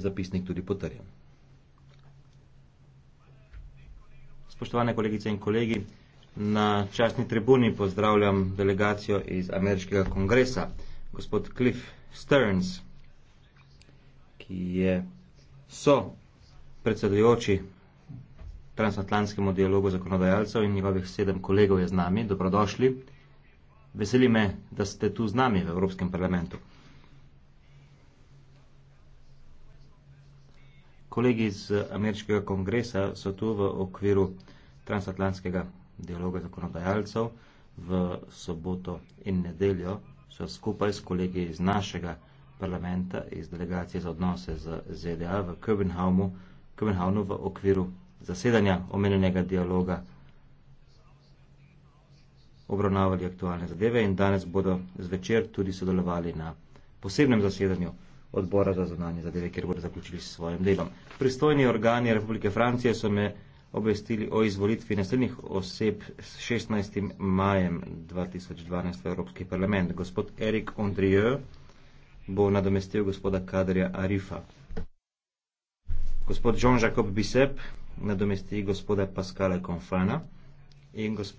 zapisnik tudi potrjen. Spoštovane kolegice in kolegi, na časni tribuni pozdravljam delegacijo iz ameriškega kongresa, gospod Cliff Stearns, ki je so predsedujoči transatlantskemu dialogu zakonodajalcev in njegovih sedem kolegov je z nami. Dobrodošli. Veseli me, da ste tu z nami v Evropskem parlamentu. Kolegi iz ameriškega kongresa so tu v okviru transatlantskega dialoga zakonodajalcev v soboto in nedeljo so skupaj s kolegi iz našega parlamenta, iz delegacije za odnose z ZDA v Kobenhavnu v okviru zasedanja omenjenega dialoga obravnavali aktualne zadeve in danes bodo zvečer tudi sodelovali na posebnem zasedanju odbora za zunanje zadeve, kjer bodo zaključili s svojim delom. Pristojni organi Republike Francije so me obvestili o izvolitvi naslednjih oseb s 16. majem 2012 v Evropski parlament. Gospod Erik Andrieu bo nadomestil gospoda Kadrija Arifa. Gospod Jean-Jacques Bisep nadomesti gospoda Pascala Confana in gospod